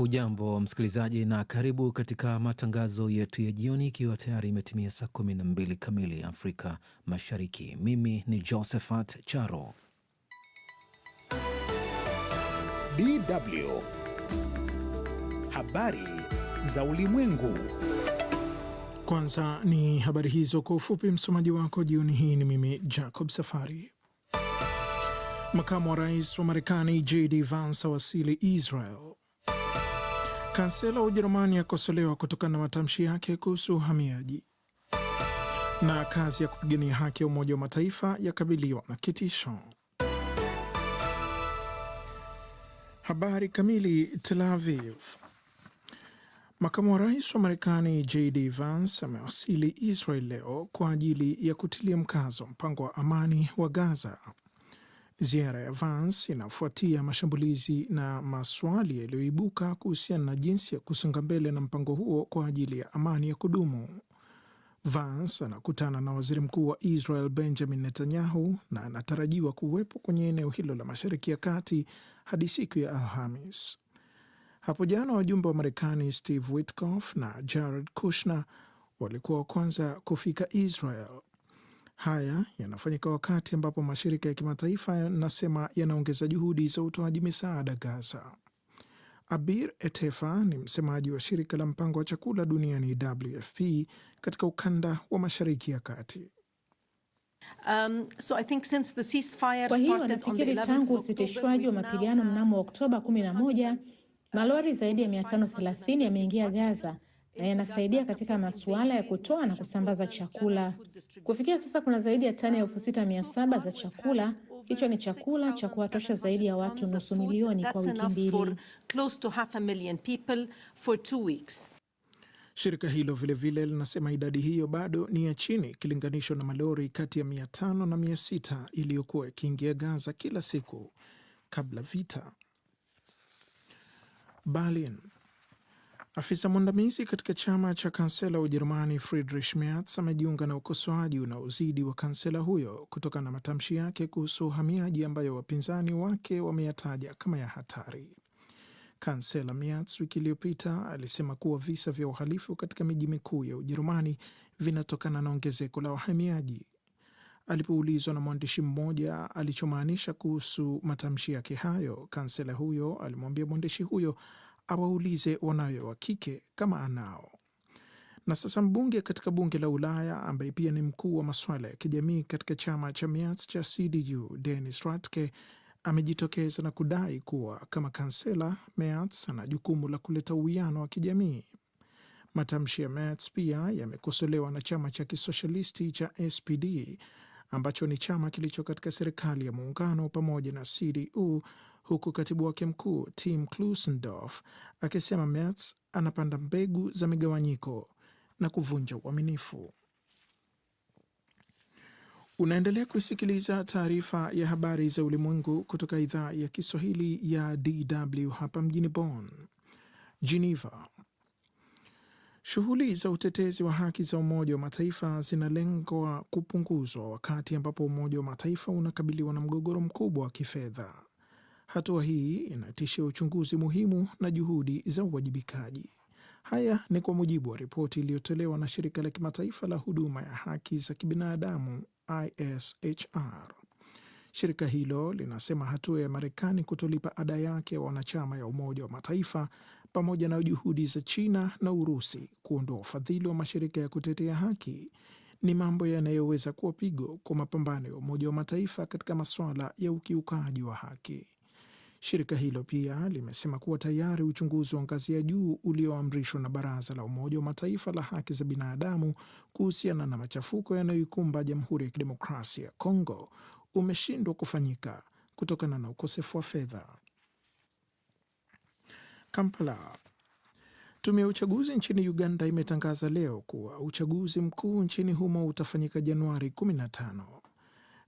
Hujambo msikilizaji, na karibu katika matangazo yetu ya jioni, ikiwa tayari imetimia saa kumi na mbili kamili Afrika Mashariki. Mimi ni Josephat Charo. DW Habari za Ulimwengu. Kwanza ni habari hizo kwa ufupi. Msomaji wako jioni hii ni mimi Jacob Safari. Makamu wa rais wa Marekani JD Vance awasili Israel. Kansela wa Ujerumani akosolewa kutokana na matamshi yake kuhusu uhamiaji. Na kazi ya kupigania haki ya Umoja wa Mataifa yakabiliwa na kitisho. Habari kamili. Tel Aviv. Makamu wa rais wa Marekani JD Vance amewasili Israel leo kwa ajili ya kutilia mkazo mpango wa amani wa Gaza. Ziara ya Vance inafuatia mashambulizi na maswali yaliyoibuka kuhusiana na jinsi ya kusonga mbele na mpango huo kwa ajili ya amani ya kudumu. Vance anakutana na waziri mkuu wa Israel Benjamin Netanyahu na anatarajiwa kuwepo kwenye eneo hilo la Mashariki ya Kati hadi siku ya Alhamis. Hapo jana wajumbe wa Marekani Steve Witkoff na Jared Kushner walikuwa wa kwanza kufika Israel. Haya yanafanyika wakati ambapo mashirika ya kimataifa yanasema yanaongeza juhudi za utoaji misaada Gaza. Abir Etefa ni msemaji wa shirika la mpango wa chakula duniani WFP katika ukanda wa Mashariki ya Kati. Um, so I think since the ceasefire kwa hiyo wanafikiri tangu usitishwaji wa mapigano mnamo Oktoba 11 malori zaidi ya 530 yameingia Gaza na yanasaidia katika masuala ya kutoa na kusambaza chakula. Kufikia sasa kuna zaidi ya tani elfu sita mia saba za chakula. Hicho ni chakula cha kuwatosha zaidi ya watu nusu milioni kwa wiki mbili. Shirika hilo vilevile linasema idadi hiyo bado ni ya chini ikilinganishwa na malori kati ya mia tano na mia sita iliyokuwa ikiingia Gaza kila siku kabla vita. Berlin. Afisa mwandamizi katika chama cha kansela wa Ujerumani Friedrich Merz amejiunga na ukosoaji unaozidi wa kansela huyo kutokana na matamshi yake kuhusu uhamiaji ambayo wapinzani wake wameyataja kama ya hatari. Kansela Merz wiki iliyopita alisema kuwa visa vya uhalifu katika miji mikuu ya Ujerumani vinatokana na ongezeko la wahamiaji. Alipoulizwa na mwandishi mmoja alichomaanisha kuhusu matamshi yake hayo, kansela huyo alimwambia mwandishi huyo awaulize wanawe wa kike kama anao. Na sasa mbunge katika bunge la Ulaya ambaye pia ni mkuu wa masuala ya kijamii katika chama cha Merz cha CDU denis Ratke amejitokeza na kudai kuwa kama kansela Merz ana jukumu la kuleta uwiano wa kijamii. Matamshi ya Merz pia yamekosolewa na chama cha kisoshalisti cha SPD ambacho ni chama kilicho katika serikali ya muungano pamoja na CDU huku katibu wake mkuu Tim Klusendorf akisema Merz anapanda mbegu za migawanyiko na kuvunja uaminifu. Unaendelea kusikiliza taarifa ya habari za ulimwengu kutoka idhaa ya Kiswahili ya DW hapa mjini Bonn. Geneva. Shughuli za utetezi wa haki za Umoja wa Mataifa zinalengwa kupunguzwa wakati ambapo Umoja wa Mataifa unakabiliwa na mgogoro mkubwa wa kifedha. Hatua hii inatishia uchunguzi muhimu na juhudi za uwajibikaji. Haya ni kwa mujibu wa ripoti iliyotolewa na shirika la kimataifa la huduma ya haki za kibinadamu ISHR. Shirika hilo linasema hatua ya Marekani kutolipa ada yake ya wanachama ya Umoja wa Mataifa pamoja na juhudi za China na Urusi kuondoa ufadhili wa mashirika ya kutetea haki ni mambo yanayoweza kuwa pigo kwa mapambano ya Umoja wa Mataifa katika masuala ya ukiukaji wa haki. Shirika hilo pia limesema kuwa tayari uchunguzi wa ngazi ya juu ulioamrishwa na Baraza la Umoja wa Mataifa la Haki za Binadamu kuhusiana na machafuko yanayoikumba Jamhuri ya Kidemokrasia ya Kongo umeshindwa kufanyika kutokana na ukosefu wa fedha. Kampala. Tume ya uchaguzi nchini Uganda imetangaza leo kuwa uchaguzi mkuu nchini humo utafanyika Januari 15.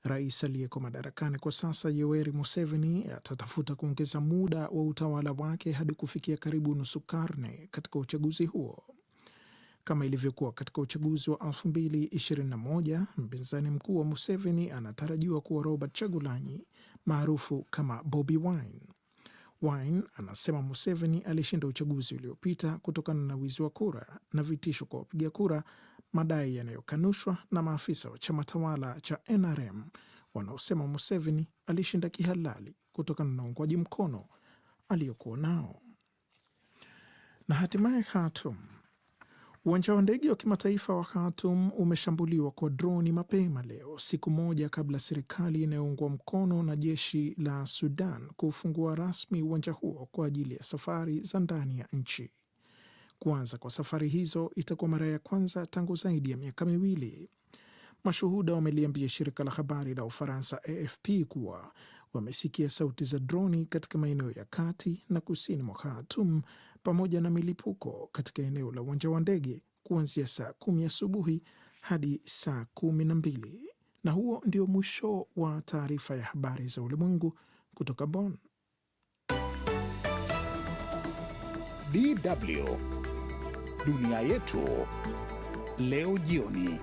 Rais aliyeko madarakani kwa sasa Yoweri Museveni atatafuta kuongeza muda wa utawala wake hadi kufikia karibu nusu karne katika uchaguzi huo. Kama ilivyokuwa katika uchaguzi wa 2021, mpinzani mkuu wa Museveni anatarajiwa kuwa Robert Chagulanyi maarufu kama Bobi Wine. Wine anasema Museveni alishinda uchaguzi uliopita kutokana na wizi wa kura na vitisho kwa wapiga kura madai yanayokanushwa na maafisa wa chama tawala cha NRM wanaosema Museveni alishinda kihalali kutokana na uungwaji mkono aliyokuwa nao. Na hatimaye Khartoum. Uwanja wa ndege wa kimataifa wa Khartoum umeshambuliwa kwa droni mapema leo, siku moja kabla serikali inayoungwa mkono na jeshi la Sudan kufungua rasmi uwanja huo kwa ajili ya safari za ndani ya nchi. Kuanza kwa safari hizo itakuwa mara ya kwanza tangu zaidi ya miaka miwili. Mashuhuda wameliambia shirika la habari la Ufaransa AFP kuwa wamesikia sauti za droni katika maeneo ya kati na kusini mwa Khartoum pamoja na milipuko katika eneo la uwanja wa ndege kuanzia saa kumi asubuhi hadi saa kumi na mbili. Na huo ndio mwisho wa taarifa ya habari za ulimwengu kutoka Bonn. DW Dunia Yetu Leo Jioni.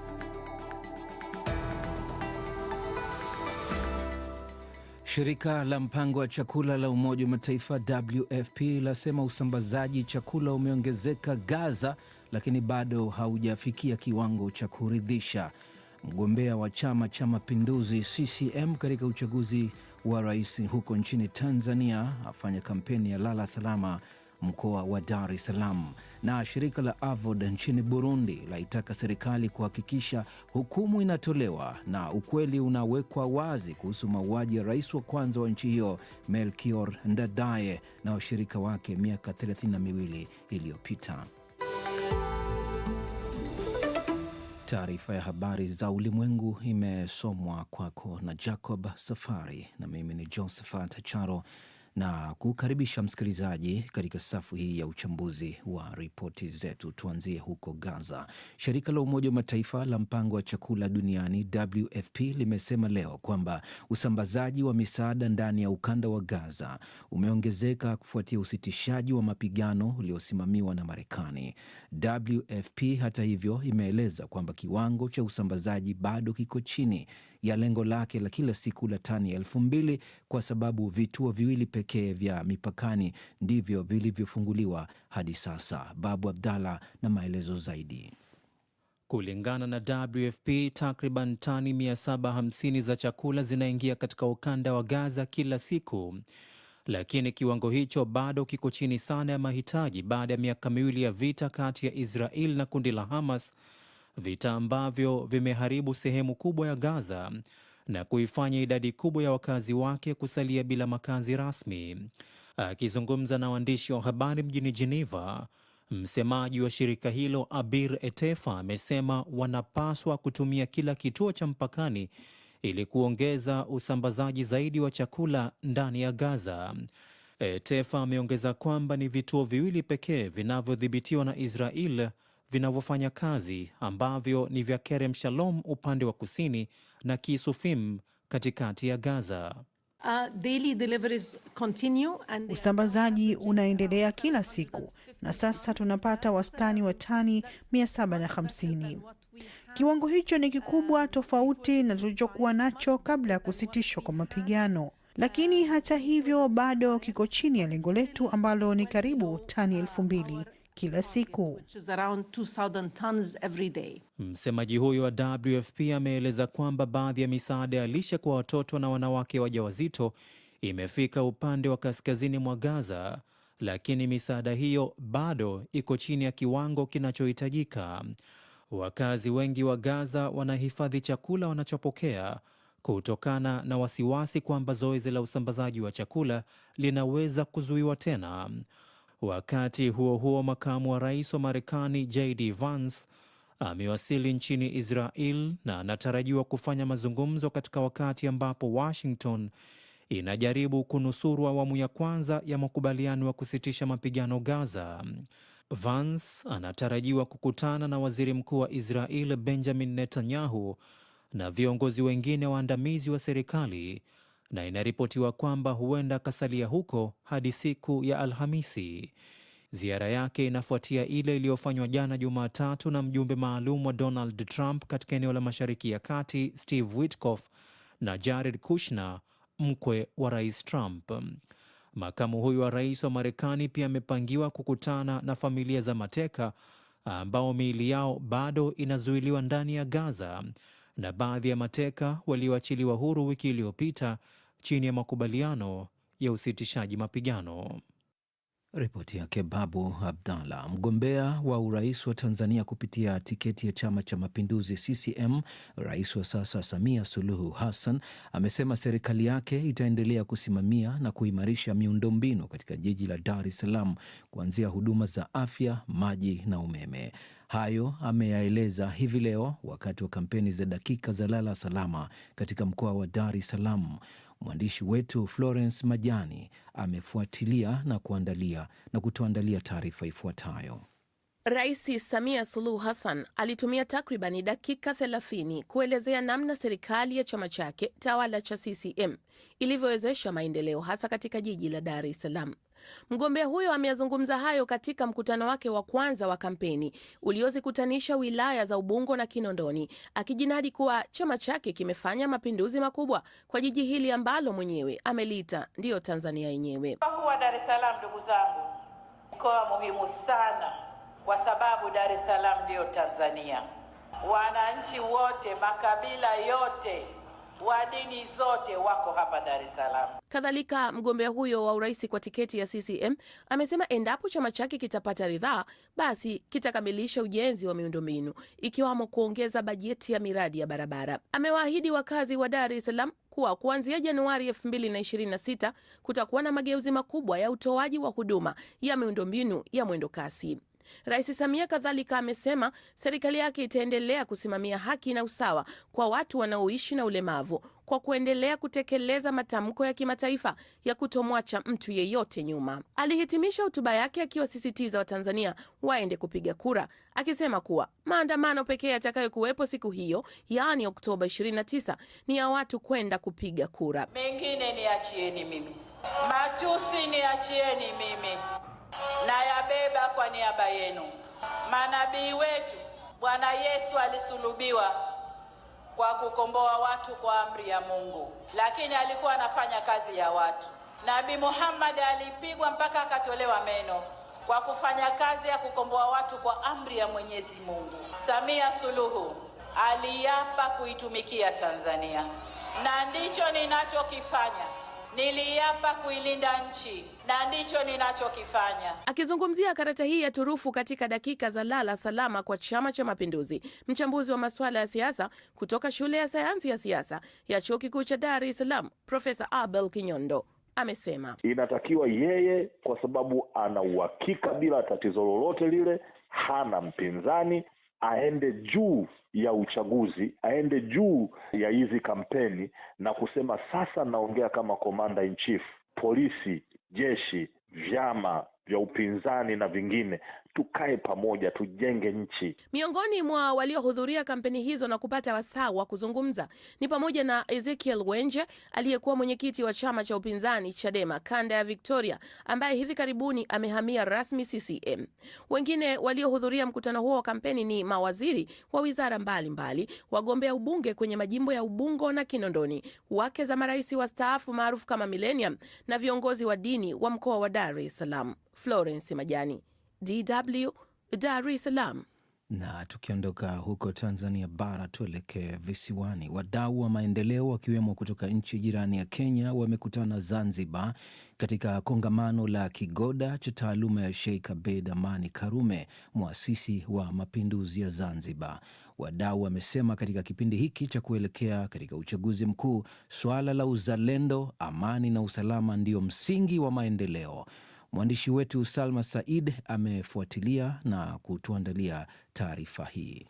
Shirika la mpango wa chakula la Umoja wa Mataifa WFP lasema usambazaji chakula umeongezeka Gaza, lakini bado haujafikia kiwango cha kuridhisha. Mgombea wa Chama cha Mapinduzi CCM katika uchaguzi wa rais huko nchini Tanzania afanya kampeni ya lala salama mkoa wa Dar es Salaam. Na shirika la AVOD nchini Burundi laitaka serikali kuhakikisha hukumu inatolewa na ukweli unawekwa wazi kuhusu mauaji ya rais wa kwanza wa nchi hiyo melkior Ndadaye na washirika wake miaka 32 iliyopita. Taarifa ya habari za ulimwengu imesomwa kwako na Jacob Safari na mimi ni Josephat Charo na kukaribisha msikilizaji katika safu hii ya uchambuzi wa ripoti zetu. Tuanzie huko Gaza. Shirika la Umoja wa Mataifa la Mpango wa Chakula Duniani, WFP, limesema leo kwamba usambazaji wa misaada ndani ya ukanda wa Gaza umeongezeka kufuatia usitishaji wa mapigano uliosimamiwa na Marekani. WFP hata hivyo, imeeleza kwamba kiwango cha usambazaji bado kiko chini ya lengo lake la kila siku la tani elfu mbili kwa sababu vituo viwili pekee vya mipakani ndivyo vilivyofunguliwa hadi sasa. Babu Abdalla na maelezo zaidi. Kulingana na WFP, takriban tani 750 za chakula zinaingia katika ukanda wa Gaza kila siku, lakini kiwango hicho bado kiko chini sana ya mahitaji baada ya miaka miwili ya vita kati ya Israel na kundi la Hamas vita ambavyo vimeharibu sehemu kubwa ya Gaza na kuifanya idadi kubwa ya wakazi wake kusalia bila makazi rasmi. Akizungumza na waandishi wa habari mjini Geneva, msemaji wa shirika hilo Abir Etefa amesema wanapaswa kutumia kila kituo cha mpakani ili kuongeza usambazaji zaidi wa chakula ndani ya Gaza. Etefa ameongeza kwamba ni vituo viwili pekee vinavyodhibitiwa na Israel vinavyofanya kazi ambavyo ni vya Kerem Shalom upande wa kusini na Kisufim katikati ya Gaza. Uh, and... usambazaji unaendelea kila siku na sasa tunapata wastani wa tani 750. Kiwango hicho ni kikubwa tofauti na tulichokuwa nacho kabla ya kusitishwa kwa mapigano, lakini hata hivyo bado kiko chini ya lengo letu ambalo ni karibu tani elfu mbili kila siku. Msemaji huyo wa WFP ameeleza kwamba baadhi ya misaada ya lishe kwa watoto na wanawake wajawazito imefika upande wa kaskazini mwa Gaza, lakini misaada hiyo bado iko chini ya kiwango kinachohitajika. Wakazi wengi wa Gaza wanahifadhi chakula wanachopokea kutokana na wasiwasi kwamba zoezi la usambazaji wa chakula linaweza kuzuiwa tena. Wakati huo huo, makamu wa rais wa Marekani JD Vance amewasili nchini Israel na anatarajiwa kufanya mazungumzo katika wakati ambapo Washington inajaribu kunusuru awamu ya kwanza ya makubaliano ya kusitisha mapigano Gaza. Vance anatarajiwa kukutana na waziri mkuu wa Israel Benjamin Netanyahu na viongozi wengine waandamizi wa serikali na inaripotiwa kwamba huenda akasalia huko hadi siku ya Alhamisi. Ziara yake inafuatia ile iliyofanywa jana Jumatatu na mjumbe maalum wa Donald Trump katika eneo la Mashariki ya Kati, Steve Witkoff na Jared Kushner, mkwe wa Rais Trump. Makamu huyu wa rais wa Marekani pia amepangiwa kukutana na familia za mateka ambao miili yao bado inazuiliwa ndani ya Gaza na baadhi ya mateka walioachiliwa huru wiki iliyopita chini ya makubaliano ya usitishaji mapigano. Ripoti yake Babu Abdalla. Mgombea wa urais wa Tanzania kupitia tiketi ya Chama cha Mapinduzi CCM, rais wa sasa Samia Suluhu Hassan amesema serikali yake itaendelea kusimamia na kuimarisha miundombinu katika jiji la Dar es Salaam, kuanzia huduma za afya, maji na umeme. Hayo ameyaeleza hivi leo wakati wa kampeni za dakika za lala salama katika mkoa wa Dar es Salaam. Mwandishi wetu Florence Majani amefuatilia na kuandalia na kutuandalia taarifa ifuatayo. Rais Samia Suluhu Hassan alitumia takribani dakika 30 kuelezea namna serikali ya chama chake tawala cha CCM ilivyowezesha maendeleo hasa katika jiji la Dar es Salaam. Mgombea huyo ameyazungumza hayo katika mkutano wake wa kwanza wa kampeni uliozikutanisha wilaya za Ubungo na Kinondoni, akijinadi kuwa chama chake kimefanya mapinduzi makubwa kwa jiji hili ambalo mwenyewe ameliita ndiyo Tanzania yenyewe. Kwa Dar es Salaam, ndugu zangu, mkoa muhimu sana kwa sababu Dar es Salaam ndiyo Tanzania. Wananchi wote makabila yote wa dini zote wako hapa Dar es Salaam. Kadhalika, mgombea huyo wa urais kwa tiketi ya CCM amesema endapo chama chake kitapata ridhaa, basi kitakamilisha ujenzi wa miundombinu ikiwamo kuongeza bajeti ya miradi ya barabara. Amewaahidi wakazi wa Dar es Salaam kuwa kuanzia Januari 2026 kutakuwa na mageuzi makubwa ya utoaji wa huduma ya miundombinu ya mwendo kasi Rais Samia kadhalika amesema serikali yake itaendelea kusimamia haki na usawa kwa watu wanaoishi na ulemavu kwa kuendelea kutekeleza matamko ya kimataifa ya kutomwacha mtu yeyote nyuma. Alihitimisha hotuba yake akiwasisitiza Watanzania waende kupiga kura, akisema kuwa maandamano pekee yatakayokuwepo siku hiyo, yaani Oktoba 29, ni ya watu kwenda kupiga kura. Mengine niachieni mimi, matusi niachieni mimi nayabeba kwa niaba yenu. Manabii wetu Bwana Yesu alisulubiwa kwa kukomboa watu kwa amri ya Mungu, lakini alikuwa anafanya kazi ya watu. Nabii Muhammad alipigwa mpaka akatolewa meno kwa kufanya kazi ya kukomboa watu kwa amri ya Mwenyezi Mungu. Samia Suluhu aliapa kuitumikia Tanzania, na ndicho ninachokifanya. Niliapa kuilinda nchi na ndicho ninachokifanya. Akizungumzia karata hii ya turufu katika dakika za lala salama kwa Chama cha Mapinduzi, mchambuzi wa masuala ya siasa kutoka shule ya sayansi ya siasa ya Chuo Kikuu cha Dar es Salaam, Profesa Abel Kinyondo amesema inatakiwa yeye, kwa sababu ana uhakika bila tatizo lolote lile, hana mpinzani, aende juu ya uchaguzi, aende juu ya hizi kampeni na kusema sasa naongea kama komanda in chief polisi jeshi, vyama vya upinzani na vingine tukae pamoja, tujenge nchi. Miongoni mwa waliohudhuria kampeni hizo na kupata wasaa wa kuzungumza ni pamoja na Ezekiel Wenje aliyekuwa mwenyekiti wa chama cha upinzani Chadema kanda ya Victoria, ambaye hivi karibuni amehamia rasmi CCM. Wengine waliohudhuria mkutano huo wa kampeni ni mawaziri wa wizara mbalimbali, wagombea ubunge kwenye majimbo ya Ubungo na Kinondoni, wake za marais wastaafu maarufu kama Millennium na viongozi wa dini wa mkoa wa Dar es Salaam. Florence Majani DW Dar es Salaam. Na tukiondoka huko Tanzania bara tuelekee visiwani. Wadau wa maendeleo wakiwemo kutoka nchi jirani ya Kenya wamekutana Zanzibar katika kongamano la Kigoda cha taaluma ya Sheikh Abeid Amani Karume, mwasisi wa mapinduzi ya Zanzibar. Wadau wamesema katika kipindi hiki cha kuelekea katika uchaguzi mkuu, suala la uzalendo, amani na usalama ndio msingi wa maendeleo. Mwandishi wetu Salma Said amefuatilia na kutuandalia taarifa hii.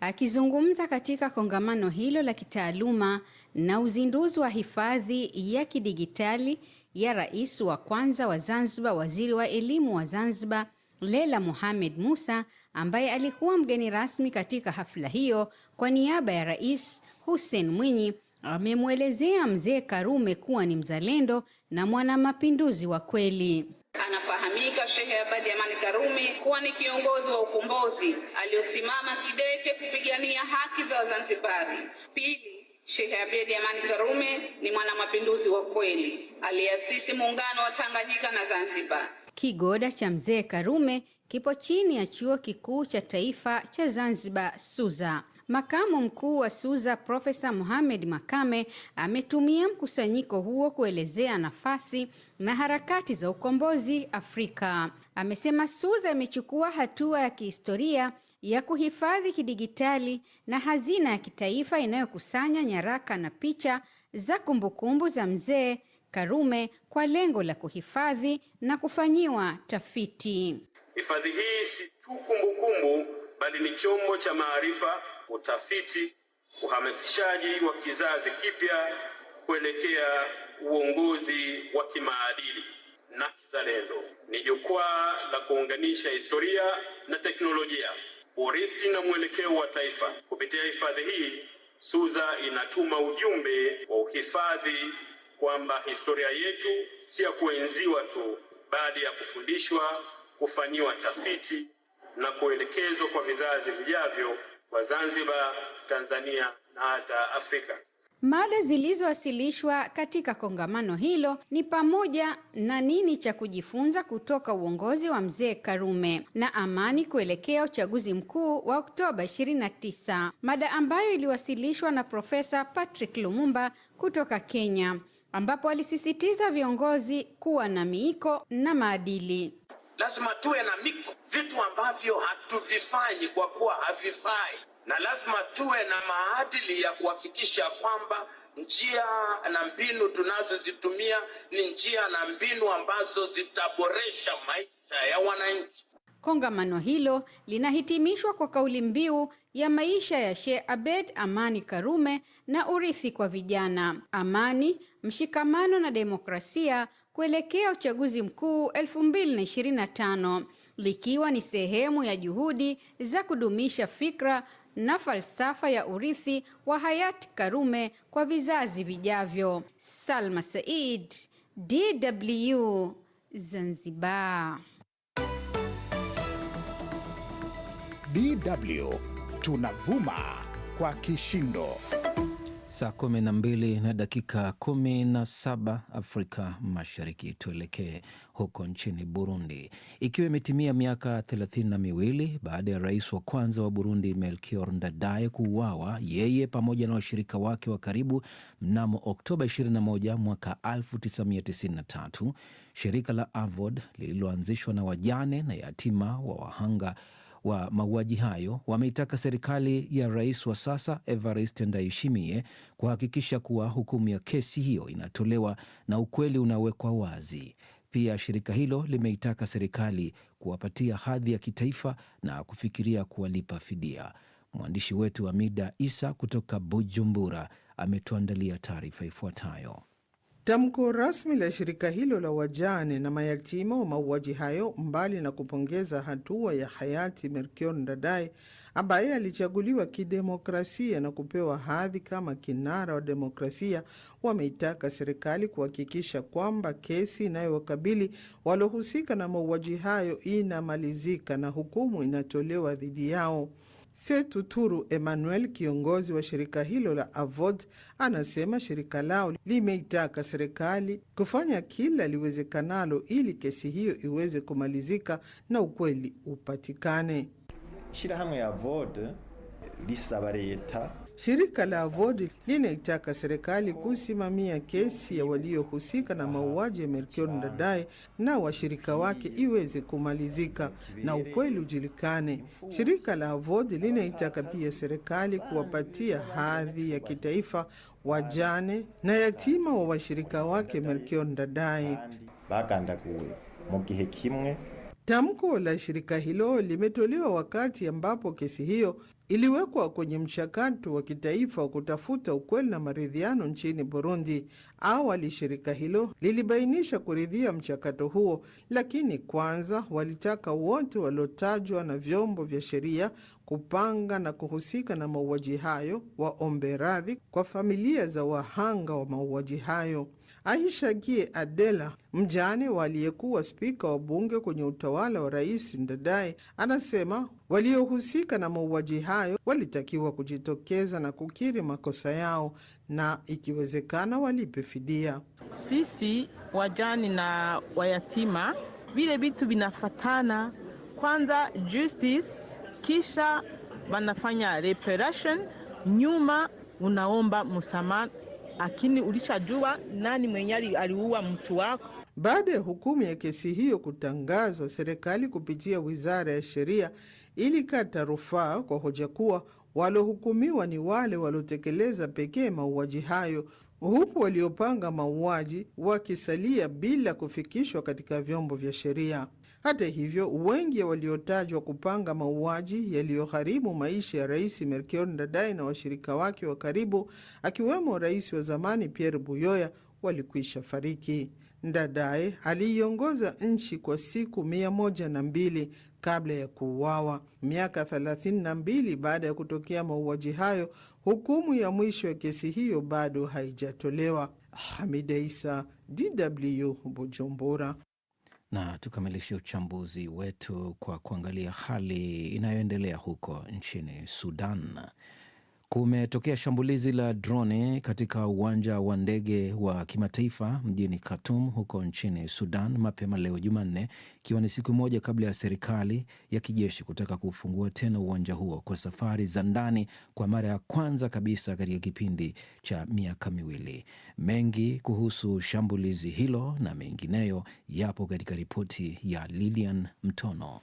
Akizungumza katika kongamano hilo la kitaaluma na uzinduzi wa hifadhi ya kidigitali ya rais wa kwanza wa Zanzibar, waziri wa elimu wa Zanzibar Lela Mohamed Musa ambaye alikuwa mgeni rasmi katika hafla hiyo, kwa niaba ya Rais Hussein Mwinyi amemwelezea Mzee Karume kuwa ni mzalendo na mwanamapinduzi wa kweli. Anafahamika Shehe Abadi Amani Karume kuwa ni kiongozi wa ukombozi aliyosimama kidete kupigania haki za Wazanzibari. Pili, Shehe Abedi Amani Karume ni mwanamapinduzi wa kweli aliyeasisi muungano wa Tanganyika na Zanzibar. Kigoda cha mzee Karume kipo chini ya Chuo Kikuu cha Taifa cha Zanzibar, SUZA. Makamu mkuu wa SUZA Profesa Mohamed Makame ametumia mkusanyiko huo kuelezea nafasi na harakati za ukombozi Afrika. Amesema SUZA imechukua hatua ya kihistoria ya kuhifadhi kidigitali na hazina ya kitaifa inayokusanya nyaraka na picha za kumbukumbu za mzee Karume kwa lengo la kuhifadhi na kufanyiwa tafiti. Hifadhi hii si tu kumbukumbu, bali ni chombo cha maarifa utafiti, uhamasishaji wa kizazi kipya kuelekea uongozi wa kimaadili na kizalendo. Ni jukwaa la kuunganisha historia na teknolojia, urithi na mwelekeo wa taifa. Kupitia hifadhi hii, Suza inatuma ujumbe wa uhifadhi kwamba historia yetu si ya kuenziwa tu, bali ya kufundishwa, kufanyiwa tafiti na kuelekezwa kwa vizazi vijavyo wa Zanzibar, Tanzania na hata Afrika. Mada zilizowasilishwa katika kongamano hilo ni pamoja na nini cha kujifunza kutoka uongozi wa Mzee Karume na amani kuelekea uchaguzi mkuu wa Oktoba 29, mada ambayo iliwasilishwa na Profesa Patrick Lumumba kutoka Kenya, ambapo alisisitiza viongozi kuwa na miiko na maadili lazima tuwe na miko, vitu ambavyo hatuvifanyi kwa kuwa havifai, na lazima tuwe na maadili ya kuhakikisha kwamba njia na mbinu tunazozitumia ni njia na mbinu ambazo zitaboresha maisha ya wananchi. Kongamano hilo linahitimishwa kwa kauli mbiu ya maisha ya Sheikh abed Amani Karume na urithi kwa vijana, amani, mshikamano na demokrasia kuelekea uchaguzi mkuu 2025, likiwa ni sehemu ya juhudi za kudumisha fikra na falsafa ya urithi wa hayati Karume kwa vizazi vijavyo. Salma Said, DW, Zanzibar. DW tunavuma kwa kishindo. Saa 12 na dakika 17 Afrika Mashariki. Tuelekee huko nchini Burundi, ikiwa imetimia miaka thelathini na miwili baada ya rais wa kwanza wa Burundi Melchior Ndadaye kuuawa, yeye pamoja na washirika wake wa karibu mnamo Oktoba 21 mwaka 1993, shirika la AVOD lililoanzishwa na wajane na yatima wa wahanga wa mauaji hayo wameitaka serikali ya rais wa sasa Evariste Ndayishimiye kuhakikisha kuwa hukumu ya kesi hiyo inatolewa na ukweli unawekwa wazi. Pia shirika hilo limeitaka serikali kuwapatia hadhi ya kitaifa na kufikiria kuwalipa fidia. Mwandishi wetu amida Isa kutoka Bujumbura ametuandalia taarifa ifuatayo. Tamko rasmi la shirika hilo la wajane na mayatima wa mauaji hayo, mbali na kupongeza hatua ya hayati Melchior Ndadaye ambaye alichaguliwa kidemokrasia na kupewa hadhi kama kinara wa demokrasia, wameitaka serikali kuhakikisha kwamba kesi inayowakabili waliohusika na mauaji hayo inamalizika na hukumu inatolewa dhidi yao. Setu Turu Emmanuel, kiongozi wa shirika hilo la AVOD, anasema shirika lao limeitaka serikali kufanya kila liwezekanalo ili kesi hiyo iweze kumalizika na ukweli upatikane. Shirahamwe ya AVOD lisaba leta Shirika la avodi linaitaka serikali kusimamia kesi ya waliohusika na mauaji ya Melchior Ndadaye na washirika wake iweze kumalizika na ukweli ujulikane. Shirika la AVOD linaitaka pia serikali kuwapatia hadhi ya kitaifa wajane na yatima wa washirika wake Melchior Ndadaye bakanda kuwe gihe kimwe. Tamko la shirika hilo limetolewa wakati ambapo kesi hiyo iliwekwa kwenye mchakato wa kitaifa wa kutafuta ukweli na maridhiano nchini Burundi. Awali shirika hilo lilibainisha kuridhia mchakato huo, lakini kwanza walitaka wote waliotajwa na vyombo vya sheria kupanga na kuhusika na mauaji hayo waombe radhi kwa familia za wahanga wa mauaji hayo. Gie Adela, mjane waliyekuwa spika wa bunge kwenye utawala wa Rais Ndadaye, anasema waliohusika na mauaji hayo walitakiwa kujitokeza na kukiri makosa yao na ikiwezekana walipe fidia. Sisi wajani na wayatima, vile vitu vinafatana, kwanza justice, kisha wanafanya reparation, nyuma unaomba msamaha lakini ulishajua nani mwenye aliua mtu wako. Baada ya hukumu ya kesi hiyo kutangazwa, serikali kupitia wizara ya sheria ilikata rufaa kwa hoja kuwa waliohukumiwa ni wale waliotekeleza pekee mauaji hayo, huku waliopanga mauaji wakisalia bila kufikishwa katika vyombo vya sheria. Hata hivyo, wengi waliotajwa kupanga mauaji yaliyoharibu maisha ya Rais Melchior Ndadaye na washirika wake wa karibu akiwemo rais wa zamani Pierre Buyoya walikwisha fariki. Ndadaye aliiongoza nchi kwa siku mia moja na mbili kabla ya kuuawa. Miaka thelathini na mbili baada ya kutokea mauaji hayo, hukumu ya mwisho ya kesi hiyo bado haijatolewa. Hamida Isa, DW, Bujumbura na tukamilishe uchambuzi wetu kwa kuangalia hali inayoendelea huko nchini Sudan. Kumetokea shambulizi la droni katika uwanja wa ndege wa kimataifa mjini Khartoum huko nchini Sudan mapema leo Jumanne, ikiwa ni siku moja kabla ya serikali ya kijeshi kutaka kufungua tena uwanja huo kwa safari za ndani kwa mara ya kwanza kabisa katika kipindi cha miaka miwili. Mengi kuhusu shambulizi hilo na mengineyo yapo katika ripoti ya Lilian Mtono.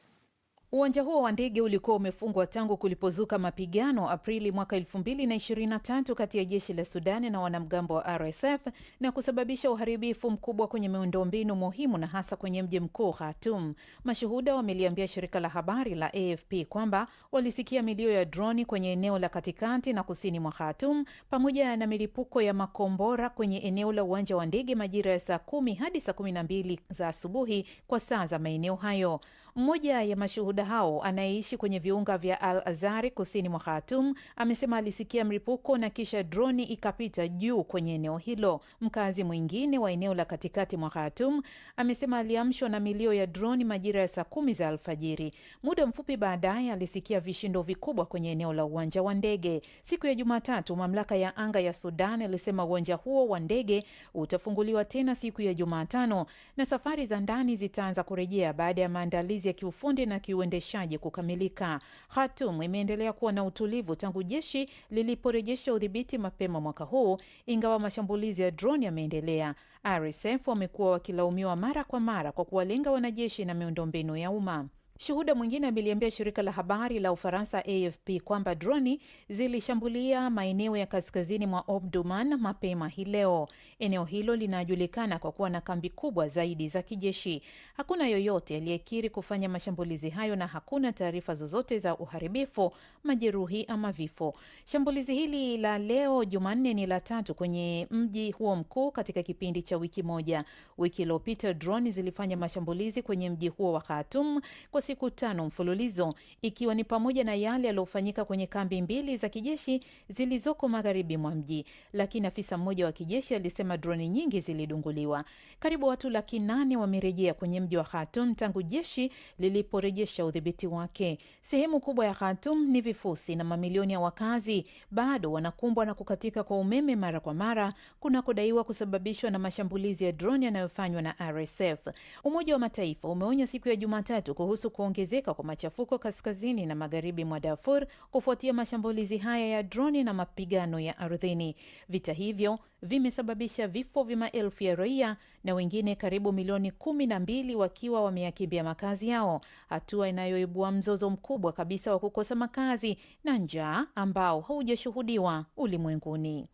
Uwanja huo wa ndege ulikuwa umefungwa tangu kulipozuka mapigano Aprili mwaka 2023 kati ya jeshi la Sudani na wanamgambo wa RSF na kusababisha uharibifu mkubwa kwenye miundombinu muhimu na hasa kwenye mji mkuu Khartoum. Mashuhuda wameliambia shirika la habari la AFP kwamba walisikia milio ya droni kwenye eneo la katikati na kusini mwa Khartoum pamoja na milipuko ya makombora kwenye eneo la uwanja wa ndege majira ya saa kumi hadi saa kumi na mbili za asubuhi kwa saa za maeneo hayo. Mmoja ya mashuhuda hao anayeishi kwenye viunga vya Al azari kusini mwa Khartoum amesema alisikia mlipuko na kisha droni ikapita juu kwenye eneo hilo. Mkazi mwingine wa eneo la katikati mwa Khartoum amesema aliamshwa na milio ya droni majira ya saa kumi za alfajiri. Muda mfupi baadaye alisikia vishindo vikubwa kwenye eneo la uwanja wa ndege. Siku ya Jumatatu, mamlaka ya anga ya Sudan ilisema uwanja huo wa ndege utafunguliwa tena siku ya Jumatano na safari za ndani zitaanza kurejea baada ya maandalizi maandalizi ya kiufundi na kiuendeshaji kukamilika. Khartoum imeendelea kuwa na utulivu tangu jeshi liliporejesha udhibiti mapema mwaka huu, ingawa mashambulizi ya droni yameendelea. RSF wamekuwa wakilaumiwa mara kwa mara kwa kuwalenga wanajeshi na miundombinu ya umma. Shuhuda mwingine ameliambia shirika la habari la Ufaransa AFP kwamba droni zilishambulia maeneo ya kaskazini mwa Omdurman mapema hii leo. Eneo hilo linajulikana kwa kuwa na kambi kubwa zaidi za kijeshi. Hakuna yoyote aliyekiri kufanya mashambulizi hayo na hakuna taarifa zozote za uharibifu, majeruhi ama vifo. Shambulizi hili la leo Jumanne ni la tatu kwenye mji huo mkuu katika kipindi cha wiki moja. Wiki iliyopita droni zilifanya mashambulizi kwenye mji huo wa Khartoum kwa siku tano mfululizo ikiwa ni pamoja na yale yaliyofanyika kwenye kambi mbili za kijeshi zilizoko magharibi mwa mji, lakini afisa mmoja wa kijeshi alisema droni nyingi zilidunguliwa. Karibu watu laki nane wamerejea kwenye mji wa Khartoum tangu jeshi liliporejesha udhibiti wake. Sehemu kubwa ya Khartoum ni vifusi na mamilioni ya wakazi bado wanakumbwa na kukatika kwa umeme mara kwa mara kunakodaiwa kusababishwa na mashambulizi ya droni yanayofanywa na RSF. Umoja wa Mataifa umeonya siku ya Jumatatu kuhusu kuongezeka kwa machafuko kaskazini na magharibi mwa Darfur kufuatia mashambulizi haya ya droni na mapigano ya ardhini. Vita hivyo vimesababisha vifo vya maelfu ya raia na wengine karibu milioni kumi na mbili wakiwa wameyakimbia makazi yao, hatua inayoibua mzozo mkubwa kabisa wa kukosa makazi na njaa ambao haujashuhudiwa ulimwenguni.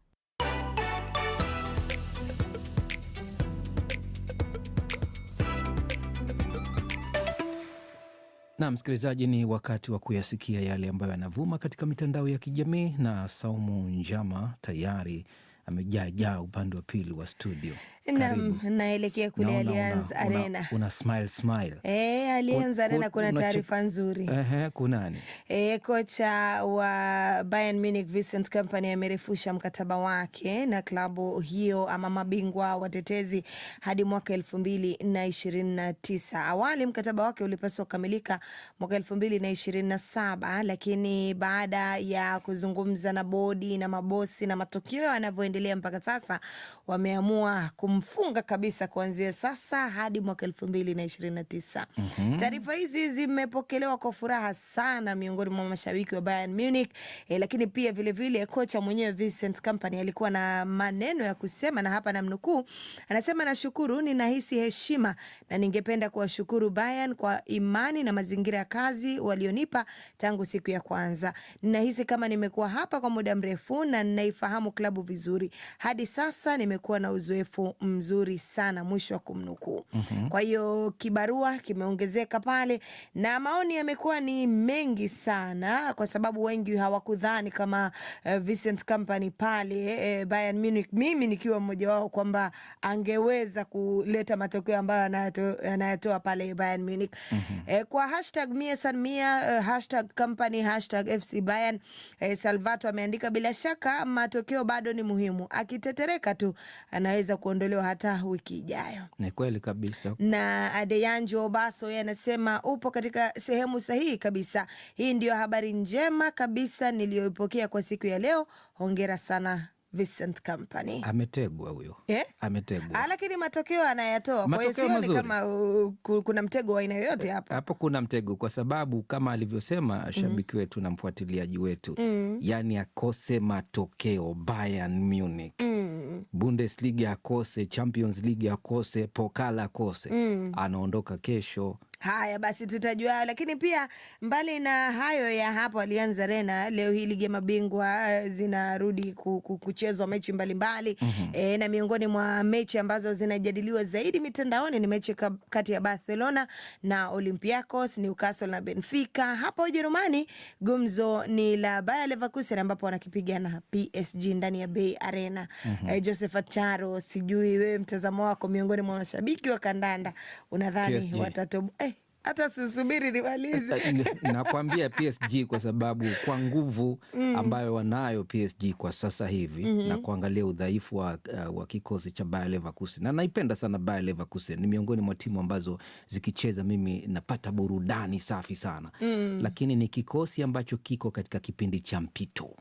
Na msikilizaji, ni wakati wa kuyasikia yale ambayo yanavuma katika mitandao ya kijamii, na Saumu Njama tayari amejaajaa upande wa pili wa studio. Naam, naelekea kule Allianz Arena. Una smile smile. Eh, Allianz Arena kuna taarifa nzuri. Ehe, kuna nani? Eh, kocha wa Bayern Munich Vincent Kompany amerefusha mkataba wake na klabu hiyo ama mabingwa watetezi hadi mwaka elfu mbili na ishirini na tisa. Awali mkataba wake ulipaswa kukamilika mwaka elfu mbili na ishirini na saba lakini baada ya kuzungumza na bodi na mabosi na matukio yanavyoendelea mpaka sasa wameamua kum kumfunga kabisa kuanzia sasa hadi mwaka elfu mbili na ishirini na tisa. mm -hmm. Taarifa hizi zimepokelewa kwa furaha sana miongoni mwa mashabiki wa Bayern Munich eh, lakini pia vilevile vile, kocha mwenyewe Vincent Kompany alikuwa na maneno ya kusema, na hapa namnukuu, anasema nashukuru, ninahisi heshima na ningependa kuwashukuru Bayern kwa imani na mazingira ya kazi walionipa tangu siku ya kwanza. Ninahisi kama nimekuwa hapa kwa muda mrefu na ninaifahamu klabu vizuri. Hadi sasa nimekuwa na uzoefu mzuri sana, mwisho wa kumnukuu. mm -hmm. Kwa hiyo kibarua kimeongezeka pale na maoni yamekuwa ni mengi sana, kwa sababu wengi hawakudhani kama uh, eh, Vincent Kompany pale uh, Bayern Munich, mimi nikiwa mmoja wao, kwamba angeweza kuleta matokeo ambayo anayatoa pale Bayern Munich. mm -hmm. uh, kwa hashtag mia san mia, uh, hashtag Kompany, hashtag FC Bayern. uh, Salvato ameandika bila shaka matokeo bado ni muhimu, akitetereka tu anaweza kuondolewa hilo hata wiki ijayo. Ni kweli kabisa. Na Adeyanju Obaso yeye anasema upo katika sehemu sahihi kabisa. Hii ndiyo habari njema kabisa niliyoipokea kwa siku ya leo. Hongera sana Vincent Company ametegwa huyo yeah? Ametegwa, ah, lakini matokeo anayatoa. Kwa hiyo ni kama uh, kuna mtego wa aina yoyote hapo. Hapo kuna mtego, kwa sababu kama alivyosema mhm. shabiki mm. wetu na mfuatiliaji wetu mm. yani akose matokeo Bayern Munich mm. Bundesliga akose, Champions League akose, Pokala akose mm. anaondoka kesho Haya basi, tutajua. Lakini pia mbali na hayo ya hapo Alianza Arena, leo hii ligi ya mabingwa eh, zinarudi kuchezwa mechi mbalimbali mbali. mm -hmm. E, eh, na miongoni mwa mechi ambazo zinajadiliwa zaidi mitandaoni ni mechi kati ya Barcelona na Olympiacos, Newcastle na Benfica. Hapo Ujerumani gumzo ni la Bayer Leverkusen ambapo wanakipigana PSG ndani ya Bay Arena. mm -hmm. E, Joseph Acharo, sijui wewe mtazamo wako miongoni mwa mashabiki wa kandanda unadhani watatoboa hata sisubiri nimalize. Nakwambia PSG kwa sababu kwa nguvu mm. ambayo wanayo PSG kwa sasa hivi mm -hmm. na kuangalia udhaifu wa, uh, wa kikosi cha Bayer Leverkusen, na naipenda sana Bayer Leverkusen, ni miongoni mwa timu ambazo zikicheza mimi napata burudani safi sana mm lakini ni kikosi ambacho kiko katika kipindi cha mpito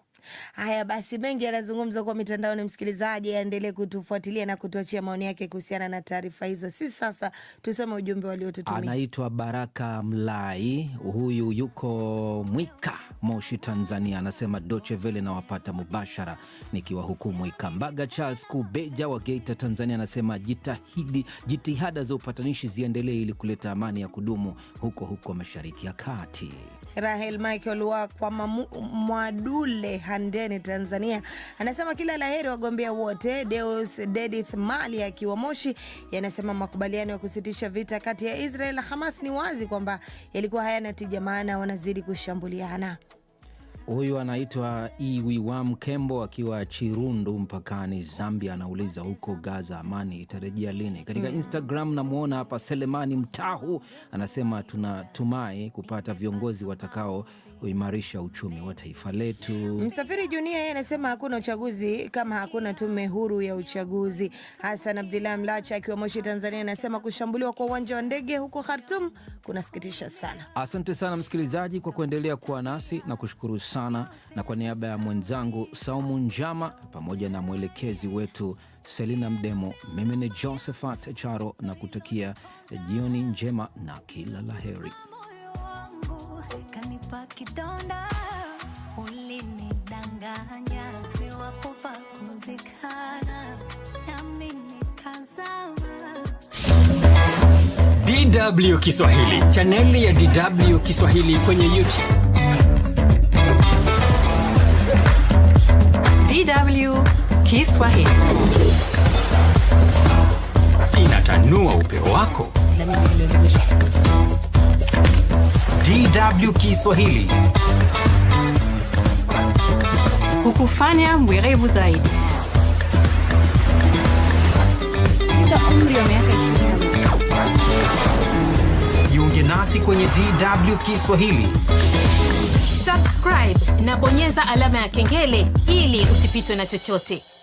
Haya basi, mengi yanazungumzwa kwa mitandaoni, msikilizaji aendelee kutufuatilia na kutuachia maoni yake kuhusiana na taarifa hizo. Si sasa tusome ujumbe waliotutumia. Anaitwa Baraka Mlai, huyu yuko Mwika, Moshi, Tanzania. Anasema Doche Vele nawapata mubashara nikiwa huku Mwika. Mbaga Charles Kubeja wa Geita, Tanzania anasema jitahidi, jitihada za upatanishi ziendelee ili kuleta amani ya kudumu huko huko Mashariki ya Kati. Rahel Michael wa kwa mamu, Mwadule Handeni Tanzania anasema kila laheri wagombea wote. Deus Dedith Mali akiwa Moshi yanasema makubaliano ya kusitisha vita kati ya Israel na Hamas ni wazi kwamba yalikuwa hayana tija, maana wanazidi kushambuliana. Huyu anaitwa Iwiwa Kembo akiwa Chirundu mpakani Zambia, anauliza huko Gaza amani itarejea lini? Katika mm. Instagram namwona hapa Selemani Mtahu anasema tunatumai kupata viongozi watakao kuimarisha uchumi wa taifa letu. Msafiri Junia yeye anasema hakuna uchaguzi kama hakuna tume huru ya uchaguzi. Hasan Abdullah Mlacha akiwa Moshi, Tanzania, anasema kushambuliwa kwa uwanja wa ndege huko Khartum kunasikitisha sana. Asante sana msikilizaji kwa kuendelea kuwa nasi na kushukuru sana, na kwa niaba ya mwenzangu Saumu Njama pamoja na mwelekezi wetu Selina Mdemo, mimi ni Josephat Charo na kutakia jioni njema na kila la heri kidonda, ulinidanganya nami nikazama. DW Kiswahili, chaneli ya DW Kiswahili kwenye YouTube. DW Kiswahili inatanua upeo wako DW Kiswahili hukufanya mwerevu zaidi. Umri wa miaka 20. Jiunge nasi kwenye DW Kiswahili. Subscribe na bonyeza alama ya kengele ili usipitwe na chochote.